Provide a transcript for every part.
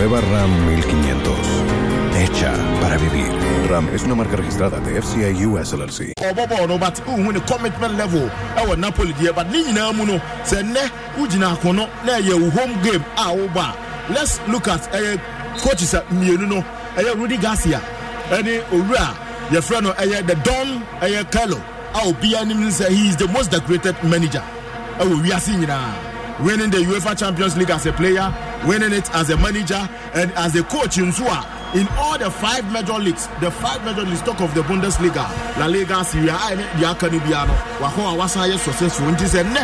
Nueva RAM 1500. Hecha para vivir. RAM es una marca registrada de FCI US LLC. Ọbọbọ no but uhu the commitment level I ɛwɔ Napoli deɛ but ne nyinaa mu no sɛ nnɛ wogyina no? na ɛyɛ wo home game a woba a let's look at a ɛyɛ eh, coaches mmienu eh, no ɛyɛ eh, Rudy Garcia ɛne owura yɛfrɛ no ɛyɛ the Don ɛyɛ Carlo a be nim sɛ he is the most decorated manager Oh, we ɛwɔ wiase nyinaa winning the UEFA Champions League as a player winning it as a manager and as a coach in Zua. In all the five major leagues, the five major leagues talk of the Bundesliga, La Liga, Serie A, and the Academiano. Waho Awasaya successful. And he said, "Ne,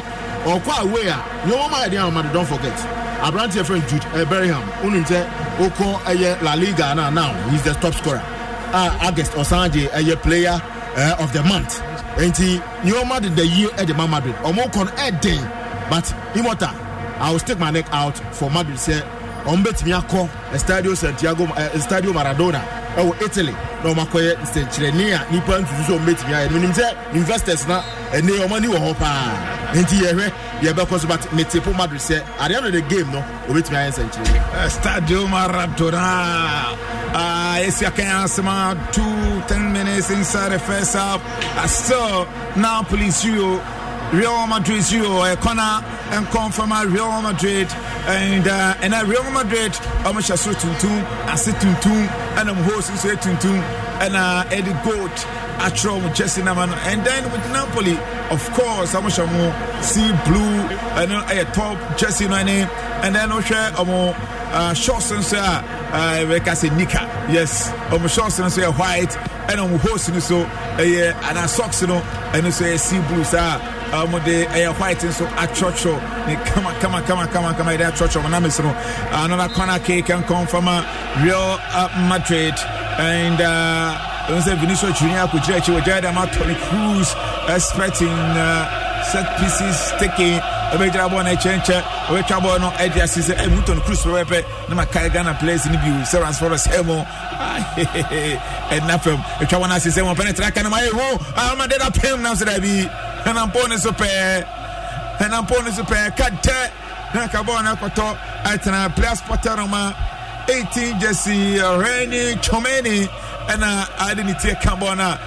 or quite aware. No idea, man, don't forget. Abrante friend Jude uh, eh, Berryham, Uninte, Oko, uh, La Liga, now, he's the top scorer. Uh, August Osanje, aye player uh, of the month. And he, you no matter the year eh, at the Madrid, or more con day, but Imota. I will stick my neck out for Madrid sɛ ɔmo bɛtumi akɔ Estadio eh, Santiago ɛ eh, Estadio eh, Maradona ɛwɔ Italy na ɔmo akɔyɛ nsɛnkyerɛnni a nipa ntutu sɛ ɔmo bɛtumi ayɛ no nim sɛ investors na ɛnɛ ɔmo ani wɔ hɔ paa nti yɛhwɛ deɛ ɛbɛkɔ so but mete po Madrid Say, sɛ adeɛ no the game no ɔbɛtumi ayɛ nsɛnkyerɛnni. Estadio Maradona uh, ah, yɛsi akan asema two ten minutes inside the first half I saw Napoli zero. Real Madrid 0, a corner and confirm Real Madrid. And uh, and uh, Real Madrid, I'm sure so tuntum, I sit tuntum, and I'm hosting so tuntum, and uh, Eddie Goat, Atro, Jesse Naman. And then with Napoli, of course, I'm sure more see blue, and then uh, a top Jesse Nane, and then I'm sure I'm short uh, shorts and so uh, like say, Nika, yes, I'm short and so white, and I'm hosting so, uh, and I socks, you know, and so see blue, sir. wɔde ah, ɛyɛ eh, white nso atwɔtwɔ ne kama kama kama kama kama yɛde atwɔtwɔ wɔn names no ah, another corner kick nkɔn from uh, real uh, madrid and. Uh, sɛ Vinicius Junior akɔgyina akyi wɔgyae dɛm atɔ ne Cruz expecting uh, set pieces taking ɛbɛgyina bɔɔl no ɛkyɛnkyɛ ɔbɛtwa bɔɔl no ɛde ase sɛ ɛmu tɔn Cruz pɛpɛpɛ na ma kae Ghana players no bi sɛ ransfɔrɔ sɛ eh, mo ɛnna fam ɛtwa wɔn ase sɛ mo pɛnɛ tra ka na ma yɛ ho ama de da pɛm nam sɛ daabi ɛnampɔ ne so pɛɛ ɛnampɔ ne so pɛɛ kadɛ na kabɔɔ no akɔtɔ atena players portal ma 18 jesse reni chomeni ɛna ade ne tie ka bɔɔ no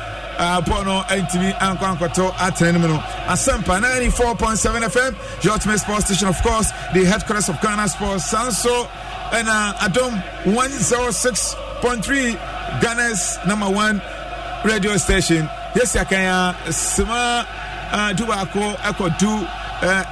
a bɔɔ no antumi ankɔ ankɔtɔ atena no mu no asampa 94.7 fm jotme sports station of course the headquarters of ghana sports sanso ɛna uh, adom 106.3 ghana's number one radio station yɛsiakanya uh, sima Ah, du baako kɔdu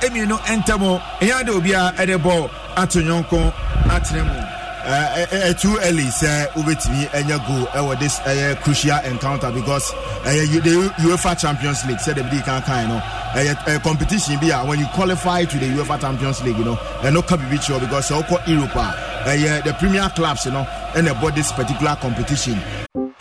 mmienu eh, ntam ɛyɛ ade obiara ɛde bɔ ato nyɔnko atena mu uh, too early sɛ wobɛtumi ɛnyɛ goal ɛwɔ this ɛyɛ crucial encounter because ɛyɛ the uefa champions league sɛ dɛbi di kan kan no ɛyɛ eh, competition bi a when you qualify to the uefa champions league eh, no ɛno ka bibi kyerɛ because sɛ wokɔ europe a ɛyɛ the premier clubs no ɛna ɛbɔ this particular competition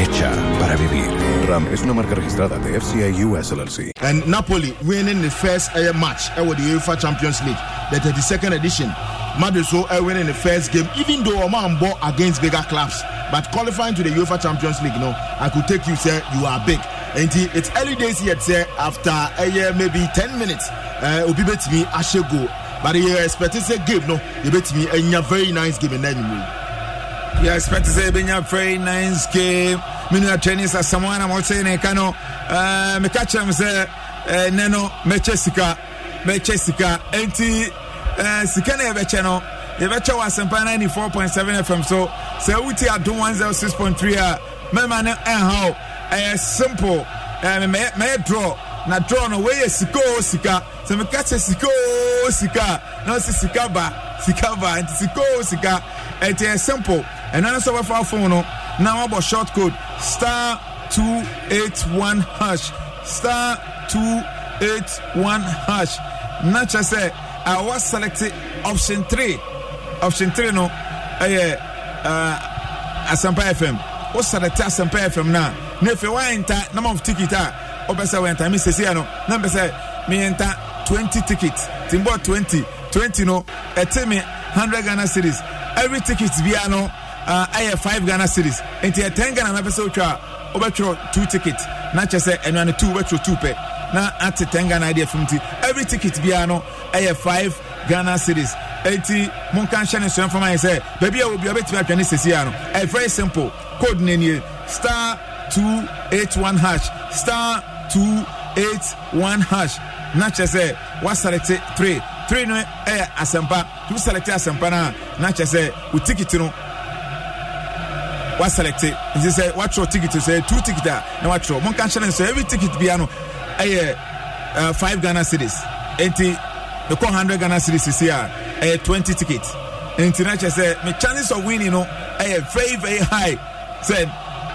hecha para vivir. Ram es una marca registrada de FCI US LLC. And Napoli winning the first uh, match of with the UEFA Champions League, the 32nd edition. Madrid so uh, winning the first game, even though Oman bought against bigger clubs. But qualifying to the UEFA Champions League, no, I could take you, sir, you are big. And it's early days yet, sir, after a year, maybe 10 minutes, uh, Obibetimi go. But you expect say game, no, you bet me, and you're very nice game in anyway. You expect to say, a very nice game. me nua twani sa samoa na mɔtee ne ka no meka kyerɛ m sɛ nɛ no mɛkyɛ sika mɛkyɛ sika enti sika na yɛbɛkyɛ no yɛbɛkyɛ wɔ asɛmpa 94.7 fm so sɛ wotie adom 106.3 a mɛma no ɛnha wo ɛyɛ simple mɛyɛ draw na draw no wɔyɛ sika o sika sɛ meka kyɛ sika o na ɔsi sika ba sika ba nti sika o sika ɛti yɛ simple ɛno no sɛ wɔbɛfa phone no na wabɔ short code star one hash star two eight one hash na kyerɛ sɛ a waselect option three, option three no ɛyɛ eh, uh, asampa fm woselect asampa fm no a wa enta number of ticket a wopɛ sɛ woyɛnta me sesia no na mpɛ sɛ meyɛnta eh, 20 ticket timbɔ 20 20 no ɛte me 100 ghana series every ticket biara ano. Uh, ɛyɛ five ghana series nti yɛ ten ghana na pɛ sɛ wotwa wobɛtwerɛ two ticket na kyerɛ sɛ ɛnoa two wobɛtwerɛ two pɛ na ate ten ghana deɛ fom nti every ticket biara no ɛyɛ five ghana series eti monka nhyɛ ne nsɔn fama yɛ sɛ baabi a obi a obetumi atwa ne sisi ano ɛyɛ very simple code ne nie star two eight one hash star two eight one hash na kyerɛ sɛ wasalete three three no ɛyɛ asɛmpa tu salete asɛmpa na na kyerɛ sɛ o tikiti no. waselect nti sɛ woakyerɛ ticket sɛ two ticket a na woakyerɛ monka nhyɛ sɛ every ticket bia no ɛyɛ uh, 5 ghana cities enti mekɔ 100 ghana cities sisi a ɛyɛ 20 ticket enti na kyerɛ sɛ me chances of winning no ɛyɛ very very high sɛ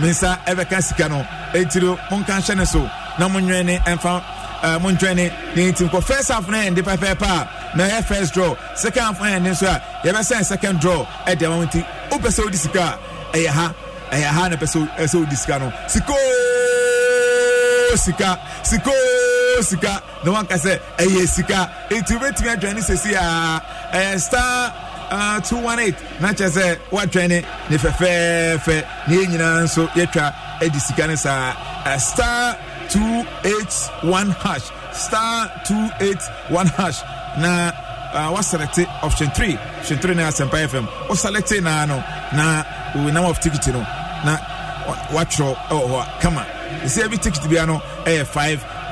me nsa ɛbɛka sika no enti no monka nhyɛ so na monwɛn ne ɛmfa uh, montwɛn ne ne nti nkɔ first half no ɛyɛ nde pɛpɛɛpɛ a na ɛyɛ first draw second half no ɛyɛ nde nso a yɛbɛsɛn second draw ɛde ama mo nti wopɛ sɛ wodi sika a ɛyɛ ha ɛyɛ ha na ɛpɛ sɛ wodi sika no sikoo sika sikoo sika na wanka sɛ ɛyɛ sika eti wobɛtumi adwane sɛsi a ɛyɛ star uh, 218 na kyerɛ sɛ woadwane ne fɛfɛɛfɛ na yɛ nyinaa nso yɛtwa adi sika no saa uh, ah, eh, star 281 ah, e eh, hash star 281 hash na uh, ah, waselect option 3 option 3 ne asɛmpa fm woselect naa no na We owinam of ticket Now, watch your, oh, come on. You see every ticket to be no ɛyɛ five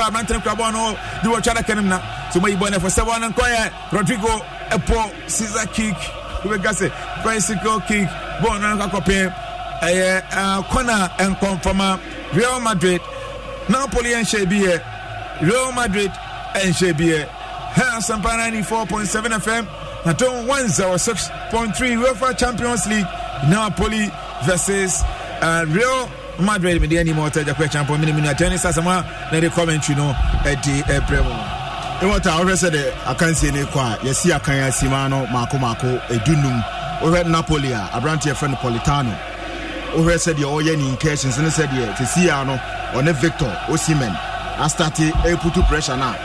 sɛ aberante no kurabɔ no de wɔtwa na sɛ rodrigo ɛpɔ wobɛka sɛ bicycle no ɛyɛ kɔna nkɔmfama real madrid napoli ɛnhyɛ bi real madrid ɛnhyɛ bi ha asɛmpa 94.7 fm atom 106.3 uefa champions league napoli versus uh, real Madrid mede anim ɔta agya kɔ champion mene menu atɛne sasɛm a na de commentary no ɛde ɛbrɛ mu ɛmɔta wohwɛ sɛ de akansie ne kɔ a yɛsi akan asima no maako maako ɛdunum wohwɛ napoli a aberanteɛ frɛ no politano wohwɛ sɛdeɛ ɔyɛ ne incursions ne sɛdeɛ tesia no ɔne victor osimen astate ɛputu uh, pressure no a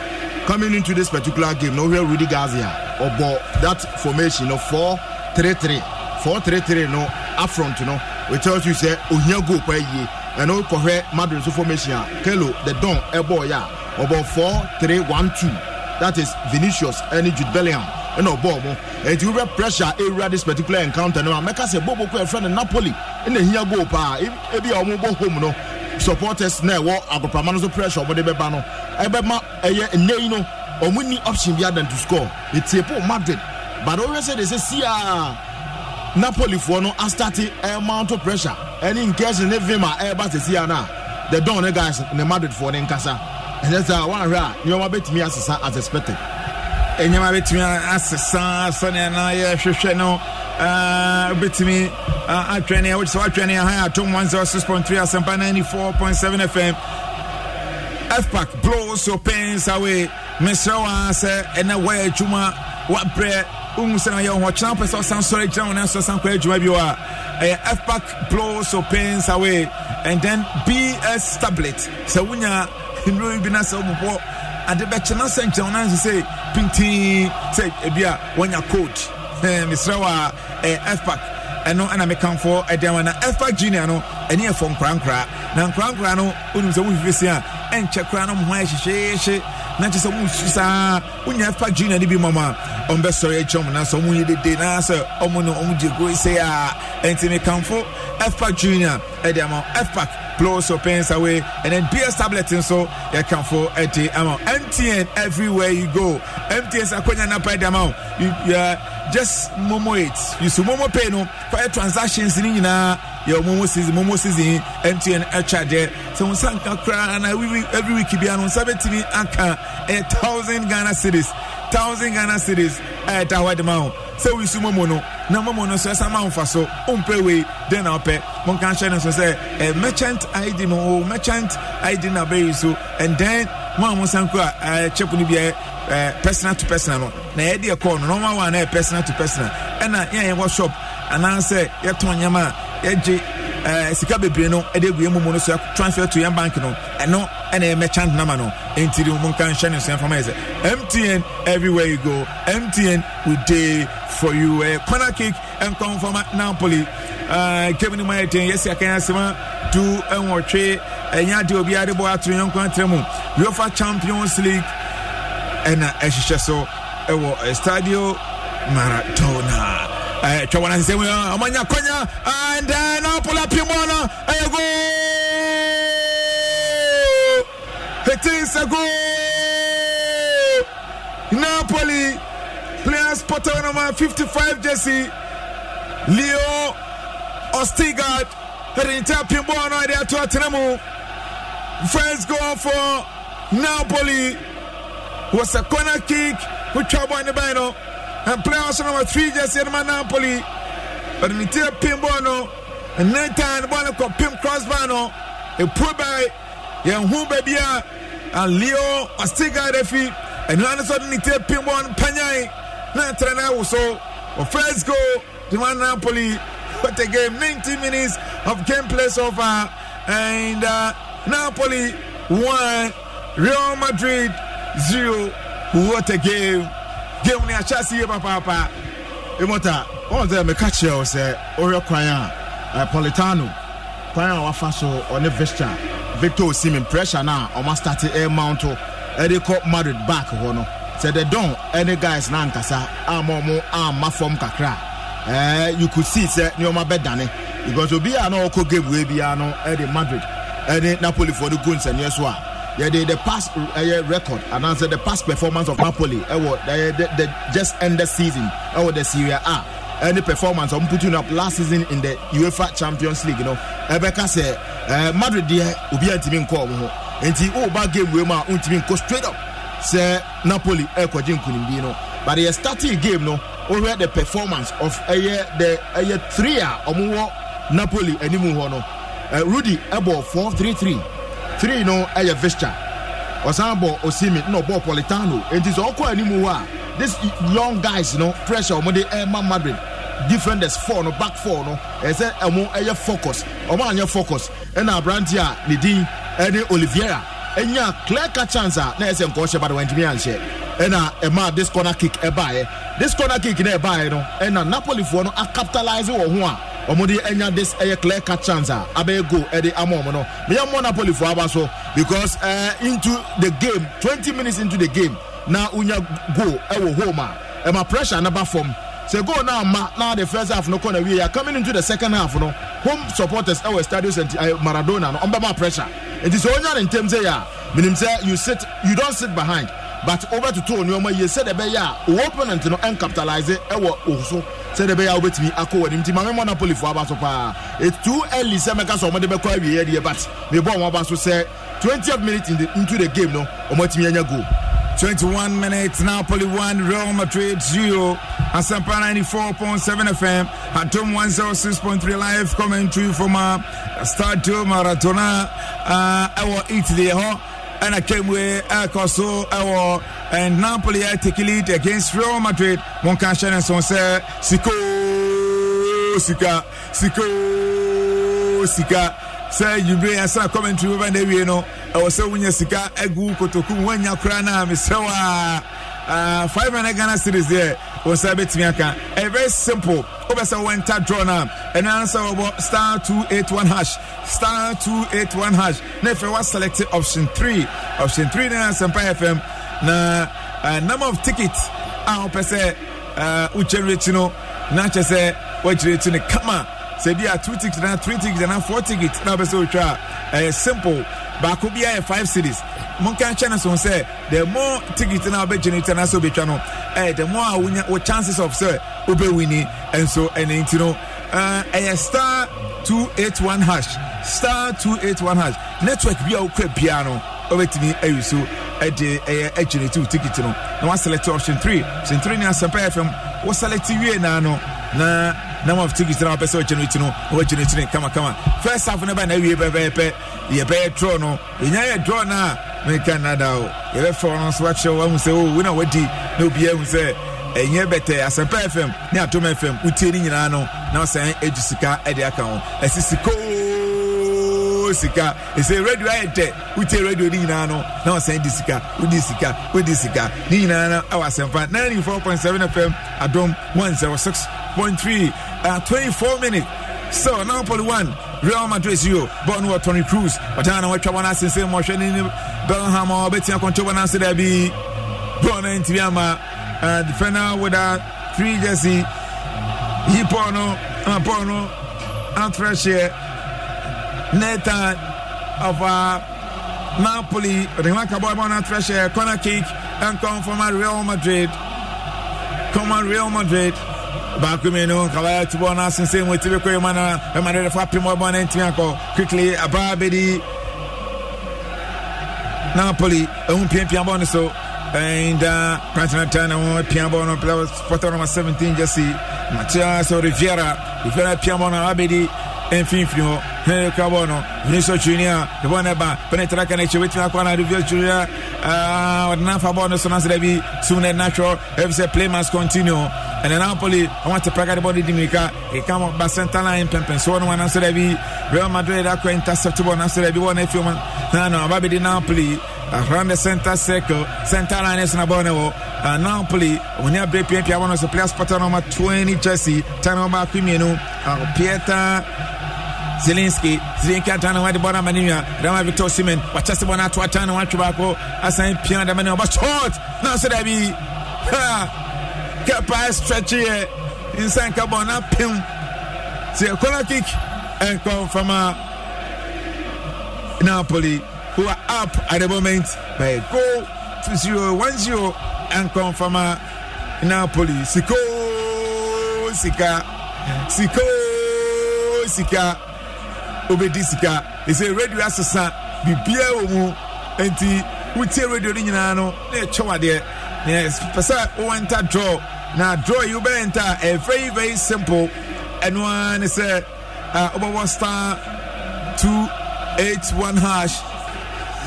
coming into this particular game na wohwɛ rudy gazi a ɔbɔ that formation no 433 433 no affront no it tells you sɛ ohia goal pa yie ɛna wokɔhwɛ madrid so formation a kelo the don four, three, one, two. that is vinicius ɛne jude bellingham ɛna ɔbɔɔ mo ɛnti wobrɛ pressure ɛwura this particular encounter no a mɛka sɛ bobo kɔ ɛfrɛ no napoli ɛna hia goal paa ebi e a ɔmobɔ home no supporters na ɛwɔ agopama no so pressure ɔmode bɛba no ɛbɛma e ɛyɛ e nnɛ yi no ɔmo ni option bi adan to score ɛtie po madrid but ɔhwɛ sɛ de sɛ siaa Napoli napolifoɔ no astate ɛmount pressure ɛne nkɛse ne vim a ɛreba sesia no a the don ne guys ne madridfoɔ ne nkasa ɛsɛ sɛ woanhwɛ a nneɔma bɛtumi asesa as expected ɛnyɛma bɛtumi asesa sɛnea na yɛhwehwɛ no wobɛtumi atwɛne a wokyɛ sɛ woatwɛne aha atom four point seven fm fpac blows your pains away mesrɛ wo a sɛ ɛnɛ woyɛ adwuma woabrɛ wohu sɛ na ɔyɛ ho ɔkyena wopɛ sɛ ɔsan sɔre gyina wo na nso san kɔ adwuma bi hɔ a ɛyɛ fpac blows or pains away and then bs tablet sɛ wonya nnuro bi na sɛ wobobɔ ade bɛkyɛ na sɛ nkyɛn wo na nso sɛ pintii sɛ ebi a wɔnya code mesrɛ wɔ a ɛyɛ e, fpac ɛno e ɛna mekamfo ɛdan e wa na ɛfa junior no ɛne ɛfɔ nkorankora na nkorankora no wonim sɛ wofifi se a ɛnkyɛ kora no mo ho ayɛ hyehyeehye na kyerɛ sɛ wonsu saa wonya fa junior no bi ma ma ɔmbɛsɔre akyɛm mu sɛ ɔmo yɛ dede na sɛ ɔmo no ɔmo gye goi sɛ a ɛnti mekamfo ɛfa junior ɛde ama ɛfa plus or pens away and then BS tablet nso yɛkamfo ɛde ama MTN everywhere you go MTN sɛ akonya napa ɛde ama you, just momo it you su momo pay no for your transactions ni nyinaa yɛ ɔmo season momo season mtn ɛtwa deɛ sɛ wɔn nsa nka koraa na every week biara wɔn nsa bɛtumi aka ɛyɛ thousand ghana series thousand ghana series a ɛda hɔ de ma ho sɛ wisu momo no na momo no so ɛsan ma nfa so ompɛ wei den eh, na ɔpɛ wɔn kan hyɛ ne so sɛ ɛ merchant id mo o merchant id na bɛyi so and then mo a mo san kura ɛɛ chip no bi ɛ personal to personal no na yɛ de no normal one na eh, personal to personal ɛna eh, yɛn a yɛn wɔ shop anaasɛ yɛtɔn nneɛma a yɛgye eh, sika bebree no de egu emu mu no so transfer to yɛn bank no ɛno ɛna yɛ merchant nama no ntiri mu nka nhyɛ ne nsɛn fama yɛ sɛ mtn everywhere you go mtn we dey for you ɛyɛ eh, corner kick nkɔnfɔma napoli kemi ni mu ayɛ ten yɛsi akanya sema du nwɔtwe ɛnya adi obi adi bɔ atoro yɛn nkwan tiri mu uefa champions league ɛna eh, ɛhyehyɛ so ɛwɔ stadio maratɔn. twa wɔn asesɛ mu ɔmo anya akɔnya and then ɛyɛ goal it is a goal napoli players portal number fifty five Jesse, leo ostigard ɛde nkyɛn pin bɔɔl no ato atena mu first goal for napoli was a corner kick wotwa bɔɔl ne ban no. And players number three just no ma napoli but ne tire pin bɔɔl no nnetan ne bɔɔl no kɔ pin crossbar no epue by yɛn ho baabi leo ɔstiga refi ɛnua no nso de ne tire pin bɔɔl no panyan na tẹrẹ náà wò oh, so for first goal to man napoli but a game ninety minutes of game play so far and uh, napoli one real madrid zero what a game. game ne ahyɛ ase yie papaapa emota wɔn sɛ meka kyerɛ wo sɛ wɔhwɛ kwan a politano kwan a wafa so ɔne victor victor osimhen pressure na ɔma start air mount ɛde kɔ madrid back hɔ no sɛ the don ɛne guys na A ama ɔmo ama fam kakra ɛɛ you could see sɛ nneɛma bɛdane because obi a na ɔkɔ game wei biara no ɛde madrid ɛne napoli fo de go nsɛnniɛ so a yɛde the past ɛyɛ uh, record anaasɛ the past performance of napoli ɛwɔ uh, ɛyɛ uh, the the just ended season ɛwɔ the serie a ɛne performance ɔmo putu up last season in the uefa champions league no ɛbɛka sɛ ɛɛ madrid deɛ obi a ntumi nkɔ ɔmo ho oh, nti ɔba game wei mu a ntumi nkɔ straight up sɛ napoli ɛkɔgye nkunimdii no but yɛ starting game no wɔhwɛ oh, the performance of ɛyɛ the ɛyɛ three a ɔmo wɔ napoli anim hɔ no ɛɛ rudy ɛbɔ four three three. three no ɛyɛ eh, vesture ɔsan bɔ osimi na ɔbɔ politano nti sɛ ɔkɔ anim hɔ a this young guys no pressure ɔmo eh, de ɛma madrid defenders four no back four no ɛsɛ ɛmo ɛyɛ focus ɔmo eh, anyɛ focus ɛna aberanteɛ a ne din ɛne oliviera ɛnya clear cut chance ah. na ɛsɛ nkɔɔhyɛ ba de ntumi anhyɛ ɛna ɛma this corner kick ɛbaayɛ this corner kick na wɔmode ɛnya this ɛyɛ clear cut chance a ah. abɛyɛ goal ɛde eh, ama ɔmo no meyɛ mmɔ napoli fo aba so because uh, into the game twenty minutes into the game na wonya goal ɛwɔ eh, home a ah. ɛma pressure na ba fam sɛ goal na ma na the first half no kɔ na wie a coming into the second half no home supporters ɛwɔ stadio st maradona no ɔmbɛma pressure nti sɛ wonya ne ah. ntɛm sɛ yɛ a sɛ you sit you don't sit behind but over to two nneɔma yie sɛdeɛ ɛbɛyɛ ya wo opponent no ɛncapitalize ɛwɔ wo so sɛdeɛ ɛbɛyɛ a wobɛtumi akɔ w'anim nti mame mɔ napolifoɔ aba so paa ɛtu ali sɛ mɛka sɛ ɔmɔde bɛkɔ awieɛ deɛ but mebɔ ɔmɔ aba so sɛ 20th minute into the game no ɔmɔatumi anya goal 21 minutes, Napoli one. Real Madrid zero. Asampa 94.7 FM, Atom 106.3 live commentary from uh, Stadio Maratona, uh, our Italy. Huh? ɛna twɛmue ɛkɔ so ɛwɔ and Napoli are taking lead against Real Madrid. Monka Shannon sɛ Siko Sika Siko Sika sɛ yibre yɛsɛ commentary wɔbɛ na awie no ɛwɔ sɛ wonya sika agu kotoku mu woanya koraa no a mesrɛ w 500 ghana series deɛ wosan bɛtumi aka ɛyɛ very simple wobɛ sɛ wɔnta draw no a ɛno ara star two eight one hash star two eight one hash na afei select option three. option three. no asɛmpa fm na uh, number of ticket a wopɛ sɛ wokyɛnwerɛkyi no na kyɛ sɛ woakyerɛkyi no kama sɛ bi a two ticket na three ticket na four ticket na wopɛ sɛ wotwa a ɛyɛ uh, simple baako biara yɛ five series monka nkyɛn no so sɛ the more ticket na wobɛgyene tɛ so wobɛtwa no ɛyɛ the more a wonya wo chances of sɛ wobɛwini ɛnso ɛne nti no ɛyɛ star two eight one hash star two eight one hash network bi a wokura biara no wobɛtumi ayi so ɛde ɛyɛ agyene ti o ticket no na select option three. option 3 ne asɛmpa fm woselect wie naa no na na one of tickets na wapɛ sɛ ɔkyɛ no ti no na wɔakyɛ no ti no kamakama first half no ba na awie pɛpɛɛpɛ yɛbɛyɛ draw no ɛnya yɛ draw no a meka nada o yɛbɛfa ɔno nso wakyerɛ wahu sɛ o oh, wo na wadi na obiaa hu sɛ ɛnyɛ bɛtɛ asɛmpa fm ne atom fm wotie no nyinaa no na ɔsɛn agyu sika de aka ho ɛsi sikoo sika ɛsɛ radio ayɛ dɛ wotie radio no nyinaa no na ɔsɛn di sika wodi sika wodi sika ne nyinaa no awɔ asɛmpa 94.7 fm adom 106 105.3 uh, 24 minutes. So Napoli one Real Madrid 0. Bournemouth Tony Cruz. But I know what you want to say. Bellingham or Betty Control and answer there be Born in Tiama. Defender with a three jersey. he Hipono, Apono, Antrashe, Nathan of uh, Napoli. Remarkable on Antrashe, corner kick and come from a Real Madrid. Come on, Real Madrid. baako mi no kabaya ti bɔ n'asensɛn mu eti bi kɔ ema na de uh, uh, fa pim ɔbɔ ne ntumi akɔ quickly abaa bɛ di napoli ehun piapia bɔ ne so ɛn da na wɔn pia bɔ no pɛlɛ pɔtɔ nama seventeen jɛsi matia sɔ riviera riviera pia bɔ no abaa bɛ di mfinfin hɔ hɛn kura bɔ no junior de ne ba pɛnɛ tara akɔ na bɔ ne so n'asɛdɛ bi sum play must continue. ɛnɛ napoli I want to praga de bɔɔl di He eka up, ba center line pɛmpɛn so wɔn anasɛ dɛ bi real madrid akɔ intercept bɔɔl anasɛ dɛ bi wɔn efi wɔn nanu aba bi di napoli around uh, the center circle center line ɛso na bɔɔl ne wɔ oh. uh, napoli when you I wɔn abere piapia wɔn so players pɔtɔ nɔɔma twenty jersey tan nɔɔma akwi mienu pieta. Zelensky. zelenski ata na wade bɔna mane nwa dama victor simen wakyɛ sɛ bɔna ato ata na watwe baako I'm pia dama ne But short na so da bi kepa stretcheɛ nsa nka bɔ na pem sɛ ɛkɔla kick ɛnkɔmfam a uh, napoli who are up at the moment by a goal to 0 1 0 ɛnkɔmfam a napoli siko sika siko sika obedi sika ɛsɛ radio asesa bibia wɔ mu enti wotie radio no nyinaa no na ɛkyɛwadeɛ na ɛpɛ sɛ wowɛnta draw na draw yi wobɛyɛ nta a ɛyɛ very simple ɛno ara ne sɛ wobɛwɔ star two eight one hash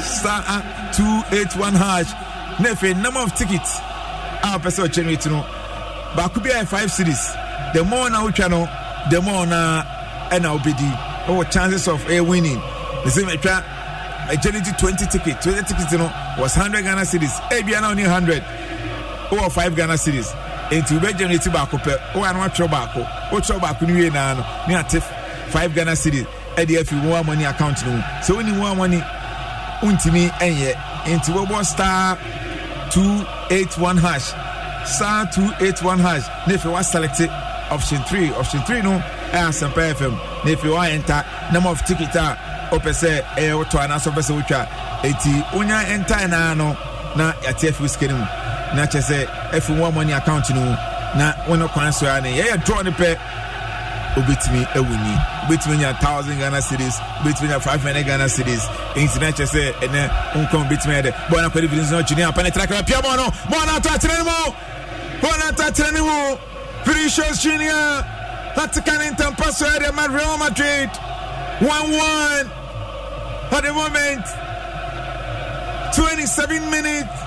star uh, two eight one hash na afei number of tickets ah, a wopɛ sɛ ɔkyɛnwit no baako bi ayɛ five series the more na wotwa no the more na ɛna wobɛdi ɛwɔ chances of ɛyɛ winning ne sɛ matwa agility twenty tickets Twenty tickets no was hundred ghana series ebia na only hundred. over oh, five ghana series nti wobɛgya no ɛti baako pɛ wowa no watwerɛ baako wotwerɛ baako no wie naa no ne ate 5 ghana cities ɛde afi wo amɔne account no mu sɛ woni wo amɔne wontumi ɛnyɛ nti wobɔ star 281 hash star 281 hash na afei waselect option 3 option 3 no ɛyɛ asɛmpa fm na afei woaɛnta number of ticket a wopɛ sɛ ɛyɛ wotɔ anaasɛ wopɛ sɛ wotwa ɛnti wonya ɛntae naa no na yɛate afi wo sika no mu na kyɛ sɛ ɛfi one money account no na wɔn kwan so ara ne yɛyɛ draw ne pɛ obetumi ɛwɔ ni obetumi nya thousand ghana series obetumi nya five hundred ghana series nti na kyɛ sɛ ɛnɛ nkɔn obetumi yɛ dɛ bɔn na kɔde bilisɔn kyini apɛ ne tirakira pia bɔn no bɔn na ato akyerɛ ne mu bɔn na ato akyerɛ ne mu vinicius junior láti ka ne ntampa so ɛdɛ ma real madrid one one at the moment twenty seven minutes.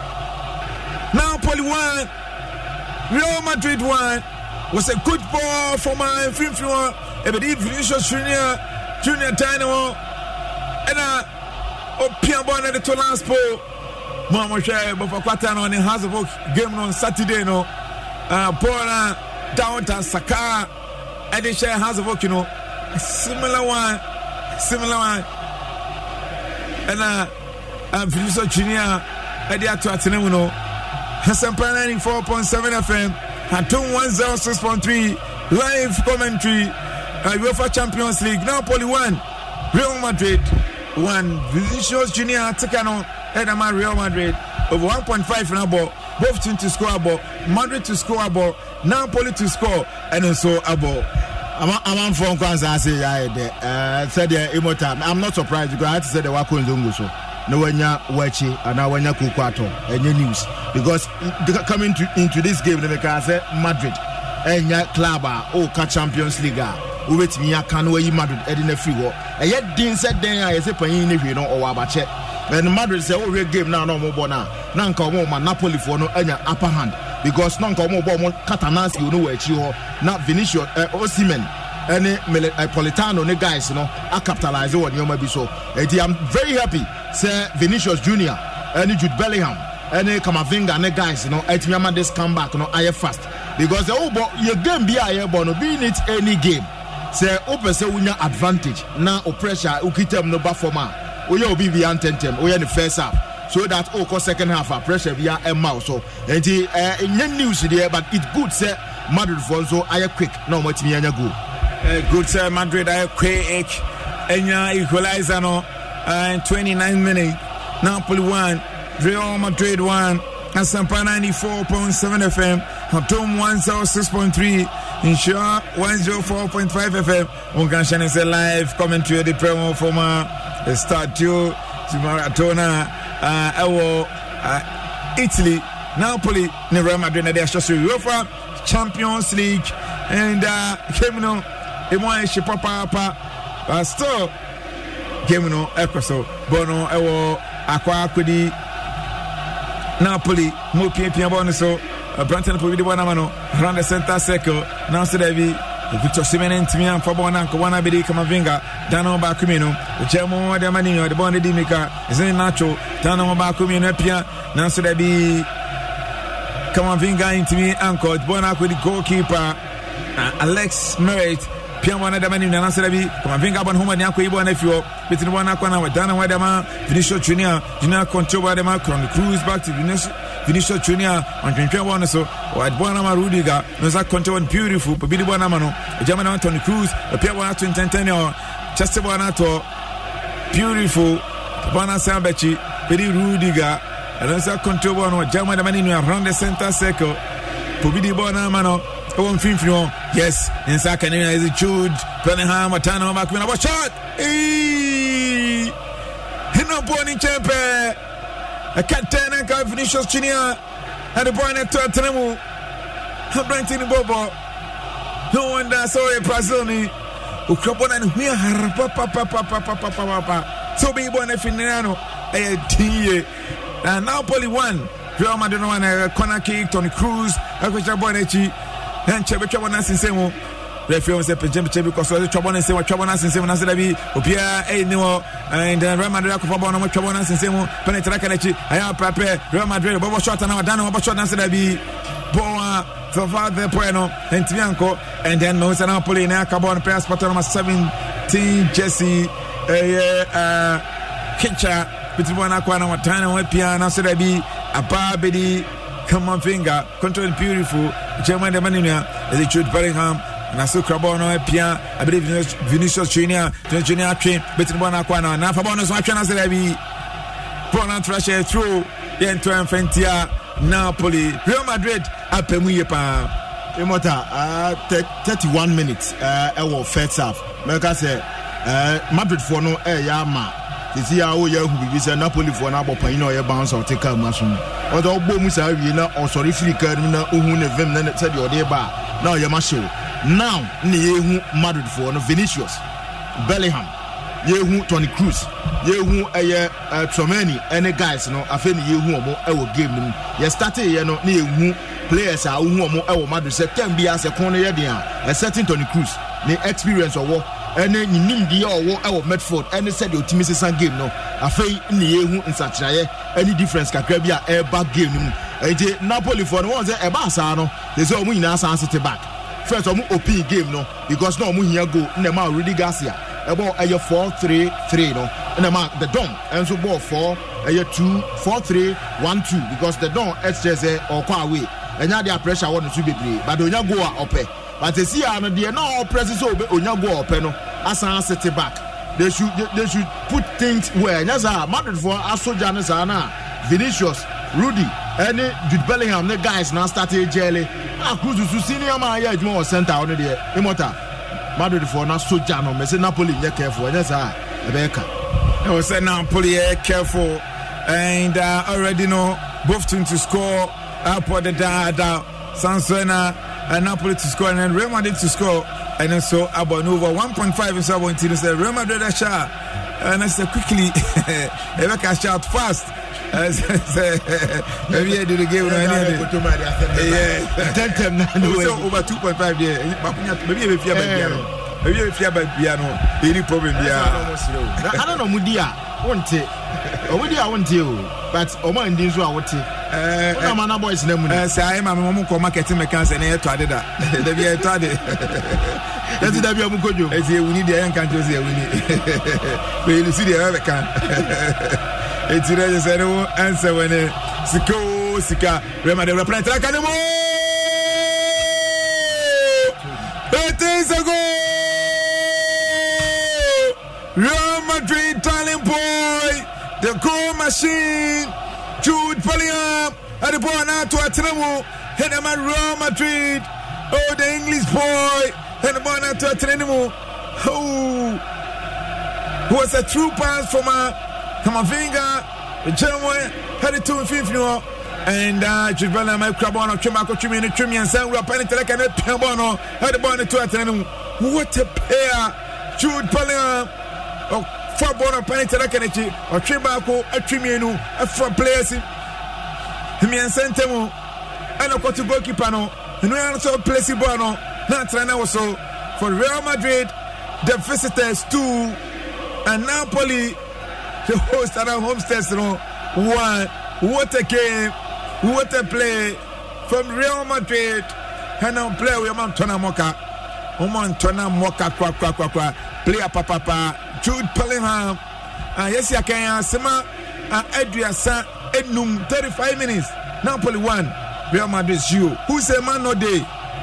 Napoli 1, Real Madrid 1. Was a good ball from my Finfin 1. Ebedi Vinicius Junior, Junior Dynamo. And a uh, Opian oh, at the last ball. Mama Share, Bofakwata no, and Hazabok game on Saturday no. Uh, Bona, Downtown Saka, and they share Hazabok, you know. similar one, similar one. And uh, uh Vinicius Junior, Eddie Atuatene, you know. Hesempa 94.7 FM, at 2106.3 live commentary, uh, UEFA Champions League, Napoli 1, Real Madrid 1, Vinicius Junior Tikano, Edama Real Madrid, over 1.5 na ball, both teams to score a Madrid to score a ball, Napoli to score, and also a ball. amanfoɔ nkɔ ansa ase yɛ ayɛ dɛ sɛdeɛ i'm not surprised because i had to say the wakɔ nzongo so na wanya wachi ana wanya koko ato enye news because coming to, into this game meka sɛ madrid ɛnya club a ɔka champions league a wobɛtumi aka no wayi madrid ɛde no afiri hɔ ɛyɛ den sɛ den a yɛsɛ panyin no hwee no ɔwɔ abakyɛ ɛn madrid sɛ wohwɛ game no a na ɔmobɔ no a na nka ɔmɔma napolifoɔ no anya upper hand because na nka ɔmobɔ ɔmo katanasio no wɔ akyi hɔ na venitio ɛ eh, osimen ɛne eh, politano ne guys no acapitalise wɔ nneɛma bi so eti eh, i'm very happy sɛ vinicius junior ɛne jude bellingham ɛne kamavinga ne guys no ɛtumi eh, ama this comeback no ayɛ fast because ɛwɔ bɔ yɛ game bi a yɛbɔ no be it any game sɛ wopɛ sɛ wonya advantage na o oh, pressure wokitam oh, no ba fam a woyɛ obi bi antɛntɛm woyɛ ne first half so that o oh, kɔ second half a pressure bi a ɛma o so nti ɛɛ nye news deɛ but it good sɛ madrid fo nso ayɛ quick na wɔn atumi anya goal. Eh, good sir Madrid ayɛ enya equalizer no uh, 29 minutes. Napoli 1 Real Madrid 1 Asampa 94.7 FM Hatom 106.3 Insha 104.5 FM Unkanshani is a live commentary the promo from uh, eh, statue to Maratona uh, Ewo uh, Italy Napoli Real Madrid na de UEFA Champions League and uh, criminal ɛmu ayɛ hye papaapa but still game no ɛkɔ so bɔɔl no ɛwɔ akɔ akɔdi napoli mu opiapia bɔɔl no so aberante no bi de bɔɔl no ama no around the center circle na nso daabi victor simene ntumi amfa bɔɔl no ankɔbɔɔ no abɛdi kamavinga dan no baako mmienu ɔkyɛ mu ɔde ama ne ɔde bɔɔl no di mika ɛsene nacho dan no baako mmienu apia na nso daabi kamavinga ntumi ankɔ bɔɔl no akɔdi goalkeeper alex merritt pia mwana dama ni nana serabi kama vinga bwana homa ni yako ibo na fio bitini bwana kwa na wadana wa dama finisho junior junior control wa dama kron cruise back to finisho finisho junior antwentwa bwana so wa bwana marudiga nza control one beautiful bibidi bwana mano jamani wa ton Cruise pia bwana twententene cheste bwana to beautiful bwana sambachi bidi rudiga nza control bwana jamani dama ni around the center circle bibidi bwana mano ɛwɔ mfimfini hɔ yes nsa kane na ɛsɛ chud pɛneham atana ɔma kumina bɔ shot hena bɔɔ ne nkyɛn pɛɛ ɛka tɛn na nka vinicius kyini a ɛde bɔɔ ne tɔ tene mu aberante ne bɔbɔ no wonder sɛ ɔyɛ brazil ni ɔkura bɔ na ne ho ahara papapapapapapapa sɛ wobɛyi bɔɔ no afi nnera no ɛyɛ din yie napoli 1 real madrid no one corner kick tony cruz akɔhyɛ bɔɔ no akyi ɛnkyɛ bɛtwa bɔ no asensɛn mu referee wọn sɛ pɛnkyɛnpɛnkyɛn bi kɔ so ɔsɛ twɛbɔ n'asensɛn wɔ twɛbɔ n'asensɛn mu n'asɛ dabi obiara ɛyi ne wɔ ɛn real madrid akɔfa bɔ ɔnam twɛbɔ n'asensɛn mu pɛnɛ tɛrɛ kɛnɛ akyi ayɛ apɛpɛ real madrid bɔbɔ shɔt anam adan na bɔbɔ shɔt n'asɛ dabi bɔn a fɛfɛ fɛ pɔɛ no ntumi ankɔ ɛndɛn mɛ wosan napoli ne aka bɔ no pɛ asopɔtɔ no seventeen jersey ɛyɛ ɛɛ kitcha bitibɔ n'akɔ anam ɔtan na wɔn apia Herman Finger, controlled beautiful, Chairman Demanina, the Jude Bellingham, na so kura bɔɔl no I abere vinicius junior junior junior atwe betini bɔɔl no akɔ ana na afa bɔɔl no nso atwe na sɛdeɛ bi bɔɔl no atura hyɛ turo yɛn to ɛnfɛ eh, napoli real madrid apɛ mu yie paa. Eh, emota uh, thirty one minutes ɛwɔ uh, first half mɛka sɛ uh, madrid foɔ no ɛyɛ eh, ama tete a woyɛ ahu biribi sɛ napolifoɔ no abɔ panyin na ɔyɛ bounce a ɔte kaa mu aso mu ɔsɛ ɔbɔ mu saa wie na ɔsɔre firi kaa no mu na ohu ne vim na sɛdeɛ ɔde ba a na ɔyɛ ma hyew now ne yɛhu madridfoɔ no venetius bellingham yɛhu tony cruz yɛhu ɛyɛ uh, tromani ɛne guys no afei ne yɛhu ɔmo ɛwɔ game no mu yɛstate yɛ no ne yɛhu players a wohu ɔmo ɛwɔ madrid sɛ tam bi asɛ kon no yɛ den a ɛsɛten tony cruz ne experience ɔwɔ ɛne ne nimdeɛ ɔwɔ ɛwɔ medford ɛne sɛdeɛ ɔtumi sesa game no afei ne yɛhu nsakyerɛeɛ ɛne difference kakra bi a ɛreba game no mu ɛnti napolifoɔ no wɔn sɛ ɛbaa saa no te sɛ ɔmo nyinaa san sete back first ɔmo opin game no because na ɔmo hia goal ɛna ɛma rudy garcia ɛbɔ ɛyɛ four three three no ɛna ma the dom ɛnso bɔɔ four ɛyɛ two four three one two because the dom ɛkyerɛ sɛ ɔkɔ away ɛnya de a pressure wɔ ne so bebree but onya goal a ɔpɛ but esi ano deɛ na ɔpɛ sɛ ɔbɛ onya goal ɔpɛ no asan ase back they should they, they should put things well nyɛ saa madrid fo asogya ne saa vinicius rudy ɛne jude bellingham ne guys na start egyele a cruz ah, susu senior man yɛ adwuma wɔ center ɔno deɛ imota madrid fo na sogya no mɛ sɛ napoli nyɛ careful nyɛ saa ɛbɛyɛ ka. ɛwɔ sɛ napoli yɛ careful and uh, already no both teams to score up for the da da sansona and Napoli to score, and then Real Madrid to score, and then so over 1.5 in Sabon Tino said Real Madrid shot, and I said quickly, Rebecca shout fast. Uh, maybe I did a game. Yeah, ten ten. So over 2.5. point there. Maybe if you have a piano, maybe if you have a piano, any problem Yeah, I don't know, Mudia, won't it? Or Mudia, won't you? But Oman, these I want it ɔnamana eh, eh, boys na mu ni. Eh, sɛ ayé maame mo kɔ marketing mechanics ɛnɛ yɛ tɔ ade da dabi yɛ tɔ ade ɛti dabi ɔmu kojú. ɛti ewuni deɛ yɛn kan tó si ewuni peyilusi deɛ yɛ kan eti rɛ sɛ ne ho ɛnsɛ wɛ ne sika o oh, sika rɛma de rɛpɛrɛ tɛ ka ne mu. ɛti sɛgo. Real Madrid talent boy, the goal machine. Palia at the ball now to Atenemo. Hit him at Real Madrid. Oh, the English boy. Hit the ball now to Atenemo. Oh, it was a true pass from a Kamavinga. The German headed to Infinio. And uh, Jibella my crab on a Chimako Chimini Chimmy and San Rapani Teleka and Pambono had the ball to Atenemo. What a pair. Jude Palia. Oh, four ball on Penny Teleka. Or Chimbako, a Chimino, oh, oh, a four players. mmiɛnsa ntam ɛna kɔto goalkeeper no nua no so plesi ball no na atena ne wo so for real madrid the visitors two and napoli the host and homesters no one what a game what a play from real madrid ɛna play wei ɔma ntɔna mmɔka ɔma oh, ntɔna mmɔka korakorakorakora player papapa jude pellingham a yɛsi akanya asema a aduasa enum thirty-five minutes napoli one real madrid zero who say man no dey.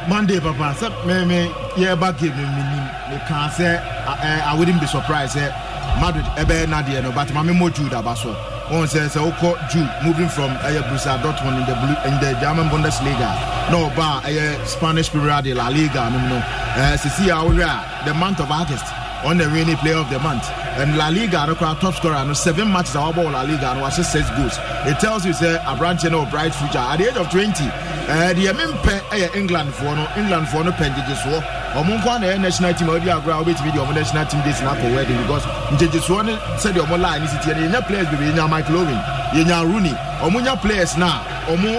monday papa sɛ mɛmɛ yɛreba game mi ni mi kan sɛ ɛ i wouldnt be surprised sɛ eh. madrid ɛbɛ nadeɛ no but maame mo jude aba so wọn sɛ sɛ wokɔ jude moving from ɛyɛ eh, borussia dortmund in the blue in the german bundesliga na ɔba ɛyɛ spanish premier de la liga no mu no ɛɛ sisi awore a the month of august on the rainy player of the month. And La Liga, no crowd top scorer, no seven matches our ball La Liga, no assist six goals. It tells you, say, a branch you know, bright future at the age of 20. Uh, eh, the Mimpe, eh, England for no England for no pendages war. ɔmo eh, nkɔ na national team a ɔde agorɔ a wobɛtumi de ɔmo national team de sena akɔ wedding because ngyegyesoɔ no sɛdeɛ ɔmo line ne sitiɛ no yɛnya players bebree yɛnya michael owen yɛnya rooney ɔmo nya players no a ɔmo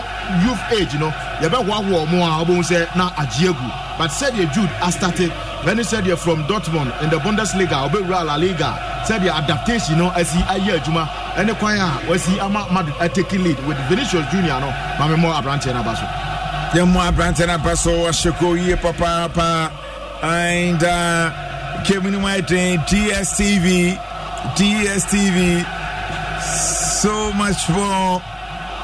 youth age no yɛbɛhoahoa ɔmo a ɔbɛhu sɛ na agye agu but sɛdeɛ jude astate bẹẹni sẹdiyẹ from dortmund in the bundesliga ọbẹwura la liga sẹdiyẹ adaptation náà ẹsì ayé ẹdwuma ẹni kwan a wẹsì ama madu ẹtẹkì lead with vinicius junior náà maame mọ aberanteɛ n'aba so. yẹn mú aberanteɛ n'aba so ahyeko yie papaapa and kemini uh, maa ten dstv dstv so much for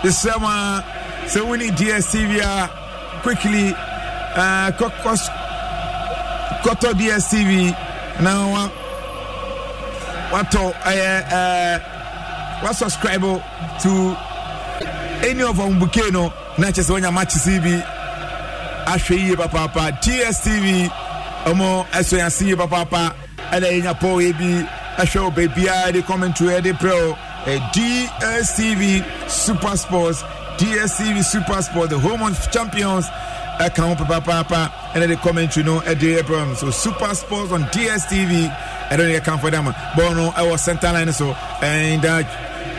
the summer so we need dstv uh, quickly uh, kɔtɔ dstv na wa watɔ ɛyɛ ɛɛ wa subscribe to any of our bouquet no na kyerɛ sɛ wɔnya match cv ahwɛ yie papaapa dstv wɔn ɛsɔ yansi ase yie papaapa ɛna yɛnya pɔw yɛ bi ɛhwɛ wɔ baabiara de commentary ɛde prɛ o dstv super sports dstv super sports the home of champions ɛka ho papapaapa ɛna de commentary no ɛde ɛbrɛm so super sports on dstv ɛno ne yɛka for dama bɔɔl no ɛwɔ center line so ɛnda uh,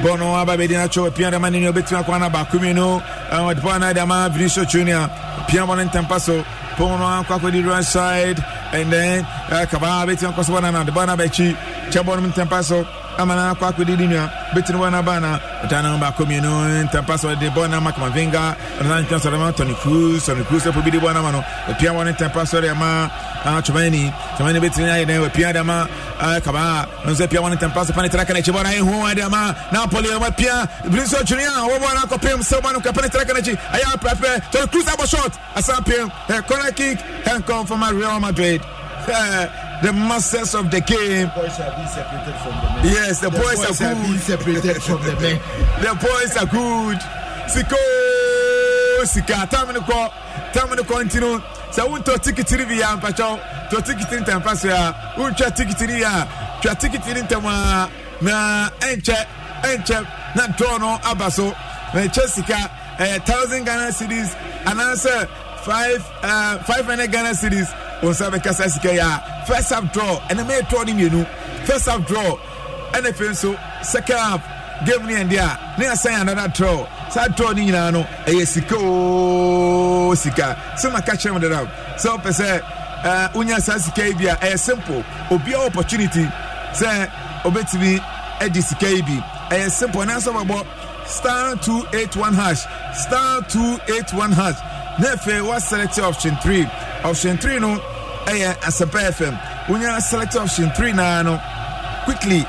bɔɔl no aba bɛdi natwo pia dama ne ne obɛtumi akɔ ana baako mi no ɛwɔ depɔ ana dama vinicius junior pia bɔ ne ntɛmpa so pon no akɔ akɔdi right side and then ɛkaba bɛtumi akɔ so bɔ na na de bɔ bɛkyi kyɛ bɔ no ntɛmpa so amana akɔ akɔdidi nua betini wɔna bana ɔtaa na baako mmienu ntampa sɛ ɔde bɔ na makama venga ɔnana ntwa ma tɔni cruz tɔni cruz ɛfo bi de bɔ na ma no ɔpia wɔne ntampa sɔrɔ ama atwamani atwamani betini ayɛ dɛn ɔpia de ama kaba nso pia wɔne ntampa pani traka n'akyi bɔ na ehu ade ama napoli ɔma pia ebili nso twene a wɔbɔ na akɔ pɛm sɛ ɔma no kapani traka n'akyi ayɛ apɛpɛ cruz abɔ short asan pɛm ɛ corner kick ɛnkɔn fama real madrid eh, the masters of the game. The boys are being separated from the men. Yes, the, the boys, boys are, are being separated from the men. the boys are good. Siko sika tamini kɔ tamini kɔntinu sɛ wontɔ tikitiri bi ya mpatsɔ tɔ tikitiri ntɛm pa so ya wontwa tikitiri ya twa tikitiri ntɛm a na ɛnkyɛ ɛnkyɛ na ntɔɔ no aba so na eh, ɛkyɛ sika ɛyɛ eh, thousand ghana series answer, five ɛɛ eh, five hundred ghana series wɔn nsa bɛkasa sika ya first half draw ɛna mɛ ɛtɔ ne mmienu first half draw ɛna afei nso second half game ne ɛnde a ne asan another draw saa draw ne nyinaa no ɛyɛ sika ooo sika sɛ ma ka kyerɛ mo dada sɛ ɔpɛ sɛ wonya saa sika yi bi a ɛyɛ simple obiara opportunity sɛ obetumi ɛdi sika yi bi ɛyɛ simple ɛna sɛ ɔbɛbɔ star two eight one hash star two eight one hash ne afei wa select option three option three no. ɛyɛ asɛpɛ fm wonya select option 3 naa no oh, quickly